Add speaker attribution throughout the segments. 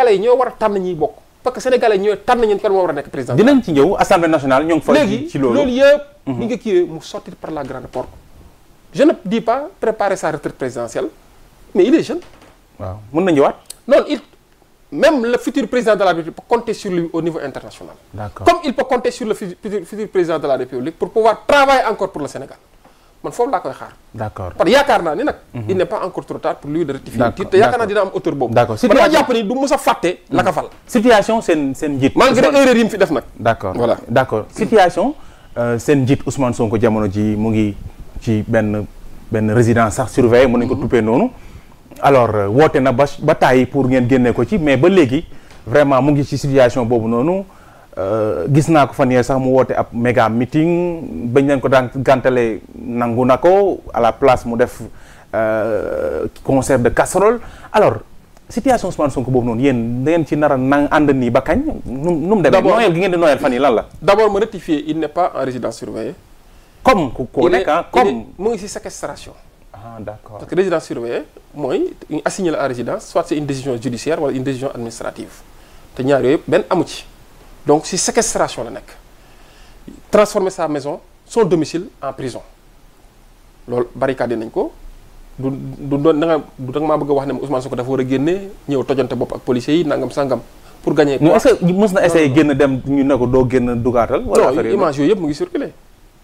Speaker 1: sénégalais yi ñoo war a tànn ñiy bokk parce que sénégalais yi ñoo tànn war a nekk président
Speaker 2: dinañ ci ñëw assemblée nationale ñoo ngi fa léegi loolu loolu yëpp
Speaker 1: ni mhm. nga kiiwee mu sortir par la grande porte je ne dis préparer sa retraite présidentielle mais il est jeune waaw mën na non il même la futur, président de la République pour pouvoir travailler encore pour le Sénégal. man foofu laa koy xaar. d'accord parce que yaakaar naa ni nag. Mhm. il n'est pas encore trop tard pour lui de rectifier le tir te yaakaar naa dina am auteur boobu. d'accord man maa jàpp ni du mës a fàtte. Mhm. la ka fal situation seen seen njiit. malgré erreur yi mu fi
Speaker 2: euh, jamono ji mu ngi ci benn benn résidence sax surveillée mën nañu ko mhm. tuppee noonu. alors euh, woote na ba ba tàyyi pour ngeen génne ko ci mais ba léegi vraiment mu ngi si situation boobu noonu. Euh, gis naa ko fan yee sax mu woote ab méga meeting bañ leen ko daan gàntale nangu na ko à la place mu def euh, concert de casserole alors situation Ousmane Sonko boobu noonu yéen
Speaker 1: da ngeen ci nar a nang ànd nii ba kañ. nu nu mu demee noyel gi ngeen di noyel fan yi lan la. d' abord ma rectifier il n' est pas en résidence surveillée. comme ku ko nekk ah, comme mu ngi si séquestration. ah d' accord parce que résidence surveillée mooy assigné la à résidence soit c' est une décision judiciaire wala te ñaar yëpp benn amu ci. donc ci séquestration la nekk transformer sa maison soo domicile en prison loolu barricade nañ ko du du doon da nga du da bëgg a wax ne Ousmane Sonko dafa war a génne ñëw tojante bopp ak policiers yi nangam sangam pour gagner. non est-ce que na essayer génn
Speaker 2: dem ñu ne ko doo génn dugaatal. wala affaire yooyu non image yooyu
Speaker 1: yëpp mu ngi circuler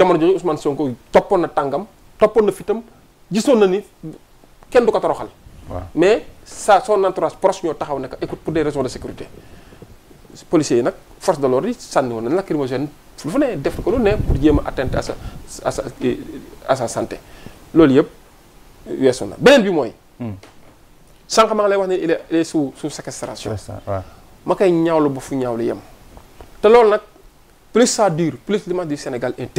Speaker 1: jamono jooju Ousmane Sonko toppoon na tàngam toppoon na fitam gisoon na ni kenn du ko toroxal. mais sa son entourage proche ñoo taxaw ne que écoute pour des raisons de sécurité. policiers yi nag force de l'ordre yi sànni woon nañ lacrymogène lu fa ne def ko lu ne pour jéem a sa à sa à sa santé loolu yëpp weesu na beneen bi mooy. Hmm. sànq maa lay wax ne il est sous sous séquestration. ma koy ñaawlu ba fu ñaawlu yem. te loolu nag plus ça dure plus l'image du Sénégal est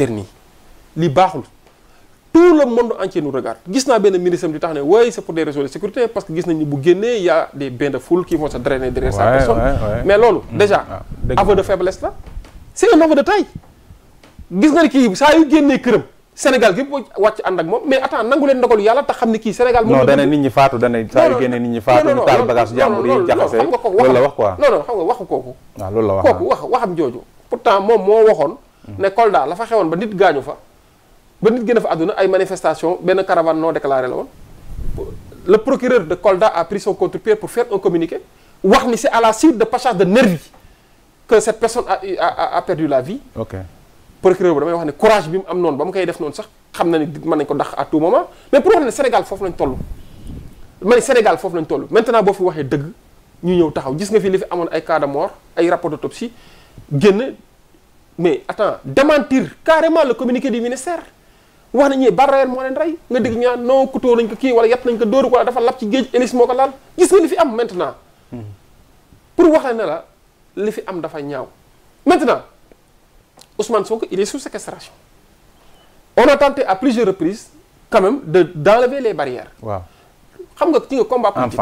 Speaker 1: li baaxul tout le monde entier nous regarde gis naa benn ministre di tax ne waaye c'est pour des raisons de sécurité parce que gis nañu bu génnee y a des bains de foule qui vont se drainer personne mais loolu déjà aveu de faiblesse la c'est un aveu de taille gis nga ne kii saa yu génnee këram Sénégal gi boo wàcc ànd ak moom mais attends nangu leen ndogalu yàlla te xam ne kii Sénégal non dana nit
Speaker 2: ñi faatu wax quoi non non wax kooku
Speaker 1: pourtant moom moo waxoon. ne Kolda la fa xewoon ba nit gaañu fa. ba nit gën a fa àdduna ay manifestation benn caravane non déclaré la woon. le procureur de Kolda a pris son contre-pied pour communiqué wax ni si à la suite de passage de nervis que cette personne a a a perdu la vie. procureur bi damay wax ne courage bi mu am noonu ba mu koy def noonu sax xam na ni mën nañ ko dax à tout moment mais pour wax ne Sénégal foofu lañ toll. ma ne Sénégal foofu lañ toll maintenant boo fi waxee dëgg ñu ñëw taxaw gis nga fi li fi amoon ay cas de mort génn mais attends démentir carrément la communiqué du ministère wax nañu ne barrière moo leen rey nga dégg ñaan naan non kutoo nañ ko kii wala yàpp nañ ko dooru ko dafa lab ci géej hélice moo ko laal gis nga li fi am maintenant. Hmm. pour wax la ne la li fi am dafa ñaaw. maintenant Ousmane Sonko il est sous séquestration on a tenté à plusieurs reprises quand même de d'enlever les barrières. waaw xam nga ci nga combat politique.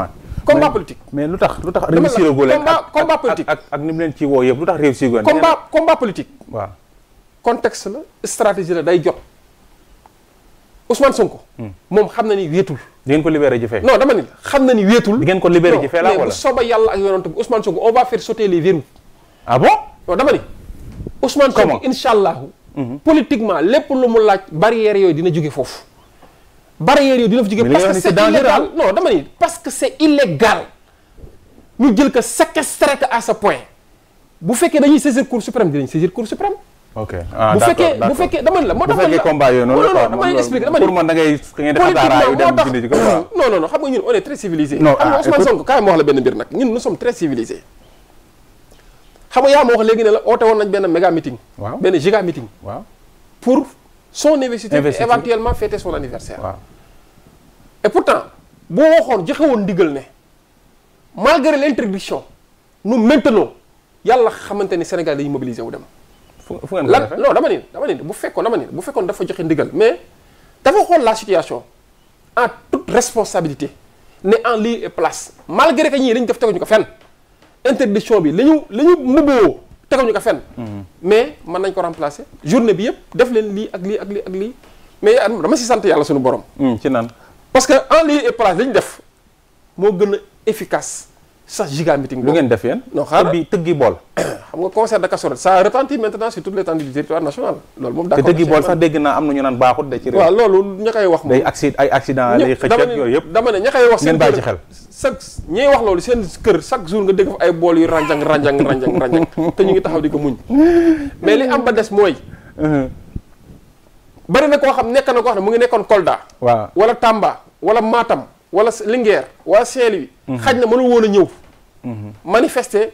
Speaker 1: combat politique mais lu tax lu tax réussir goo leen ak
Speaker 2: combat politique ak ak ni mu leen ci woo yëpp lu tax réussir goo combat
Speaker 1: combat politique la stratégie la day jot Ousmane Sonko hmm. moom xam na ni wéetul di ko libéré jëfee non dama xam na ni wéetul ngeen ko libéré jëfee la wala bu soba yàlla ak yonent bi Ousmane Sonko on va faire sauter les verrous ah bon non dama ni Ousmane Sonko incha allahu hmm. lépp lu mu laaj barrière yooyu dina jóge foofu barrières yooyu dina fa jóge parce que c'est illégal non dama ni parce que c'est illégal ñu jël ko séquestré ko à ce point bu fekkee dañuy saisir cour suprême dinañ saisir cour suprême
Speaker 2: ah, bu fekkee bu fekkee la moo tax bu fekkee combat yooyu la dama lay expliquer dama pour man da
Speaker 1: ngay da ngay def dara yu xam nga ñun on est très civilisé xam nga ah, Ousmane ma wax la léegi ne la oote woon nañ benn méga meeting waaw benn giga meeting waaw pour son investiture éventuellement fêter son anniversaire et pourtant boo waxoon joxe woon ndigal ne malgré l'interdiction nous maintenons yàlla xamante ni Sénégal dañuy mobiliser wu dem. fu fu ngeen ko dama ni dama bu fekkoon dama ni bu fekkoon dafa joxe ndigal mais dafa xool la situation en toute responsabilité ne en lieu place malgré que ñii dañu def teguñu ko fenn interdiction bi la ñu la ñu mbubboo teguñu ko fenn. Mhm. mais mën nañ ko remplacer journée bi yëpp def leen lii ak lii ak lii ak lii mais dama si sant yàlla sunu borom. Hmm, ci naan. parce que en lieu et place lañu def moo gën a efficace sax giga meeting. lu ngeen def yéen. non xaaral tëggi tëggi bool. xam nga concert de casserole ça retentit maintenant sur toute l'étendue du territoire national. loolu te tëggi bool sax dégg
Speaker 2: naa am na ñu naan baaxut de ci réew. waaw loolu ña koy wax moom yëpp dama ne ña koy wax seen kër
Speaker 1: ngeen bàyyi loolu seen kër chaque jour nga dégg fa ay bool yu ranjang ranjang ranjang ranjang te ñu ngi taxaw di ko muñ mais li am ba des mooy. Uh-huh. bari na koo xam nekk na ko xam ne mu ngi nekkoon Kolda. waaw wala Tamba wala maatam wala Linguère wala Saint-Louis. Mhm. xaj na mënul woon a ñëw. Mhm. manifester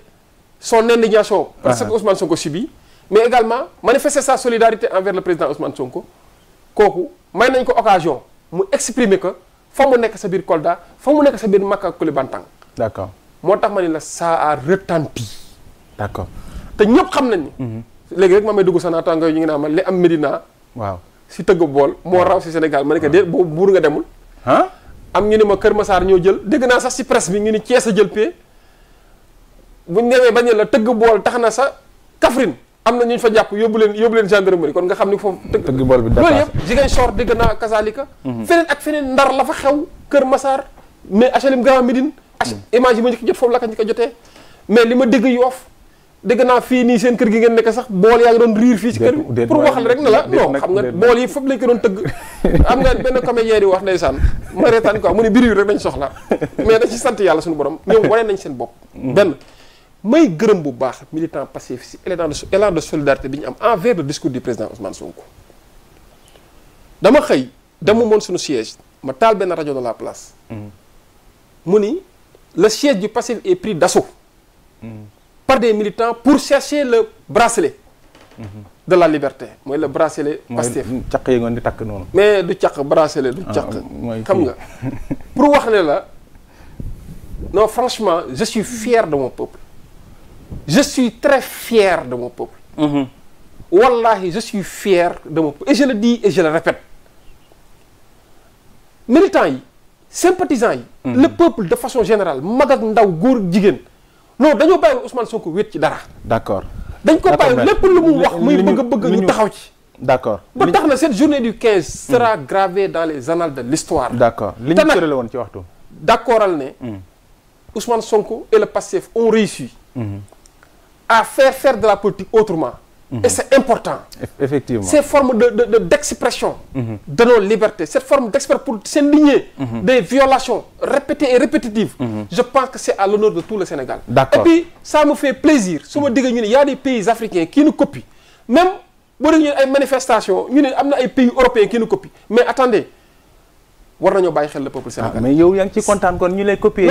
Speaker 1: son indignation. parce que Ousmane si bii mais également manifester sa solidarité envers le président Ousmane Sonko kooku may nañ ko occasion mu exprimer ko fa mu nekk sa biir Kolda fa mu nekk sa biir Makka Koulibantang. d'accord moo tax ma ni la ça a retenti. d'accord te ñëpp xam nañ ni. Mhm. léegi rek ma may dugg sa naataango ñu ngi naan ma li am Medina. waaw. si tëgg bool moo raw si Sénégal ma ne ko déet boobu buur nga demul. am ñu ne ma Kër Masaar ñoo jël dégg naa sax si presse bi ñu ni Thiès sa jël bu buñ demee bañ la tëgg bool tax na sa Kaffrine am na ñu fa jàpp yóbbu leen yóbbu leen gendarmerie kon nga xam ni foofu. tëgg bool bi loolu yëpp Ziguinchor dégg naa Kasaalika. Mhm. feneen ak feneen ndar la fa xew Kër Masaar mais HLM Grand Médine. image yi ma njëkk jot foofu la ko njëkk a jotee mais li ma dégg Yoff dégg naa fii nii seen kër gi ngeen nekk sax bool yaa ngi doon riir fii ci kër pour waxal rek ne la non xam nga bool yi foofu lañ ko doon tëgg am nga benn dañ soxla mais sant yàlla suñu borom ñoom wane nañ seen bopp mm-hmm. benn may gërëm bu baax militant passif si élan de élan de solidarité bi ñu am envers le discours du président Ousmane Sonko dama xëy demu moon suñu siège ma taal benn rajo de la place mm-hmm. mu ni le siège du passif est pris d'assaut mm-hmm. par des militants pour chercher le bracelet de la liberté mooy le bracelet Pastef
Speaker 2: caq yi ngoon di takk noonu
Speaker 1: mais du caq bracelet du ah, caq xam nga pour wax ne la non franchement je suis fier de mon peuple je suis très fier de mon peuple mhm. wallahi je suis fier de mon peuple et je le dis et je le répète militants yi sympathisants yi mhm. le peuple de façon générale mag ak ndaw góor jigéen non dañoo bàyyi Ousmane Sonko wéet ci dara. d'accord dañ ko bàyyi lépp lu mu wax muy bëgg bëgg ñu taxaw ci. d'accord ba tax na cette journée du 15. Hmm. sera gravée dans les annales de l'histoire d'accord li ñu tërale woon ci waxtu. d'accordal ne. Hmm. Ousmane Sonko et le Pastef ont réussi. Hmm. à faire faire de la politique autrement. Mhm. et c'est important. effectivement ces formes de de d'expression. Mhm. de nos libertés cette forme d'expression pour s'indigner. Mhm. des violations répétées et répétitives. je pense que c'est à l'honneur de tout le Sénégal. d'accord et puis ça me fait plaisir su ma déggee ñu ne y des pays africains qui nous copient même boo ñu ne ay manifestations ñu ne am na ay pays européens qui nous copient mais attendez. war nañoo bàyyi xel le peuple ah, sénégalais. mais yow yaa ngi ci kontaan kon ñu lay copier.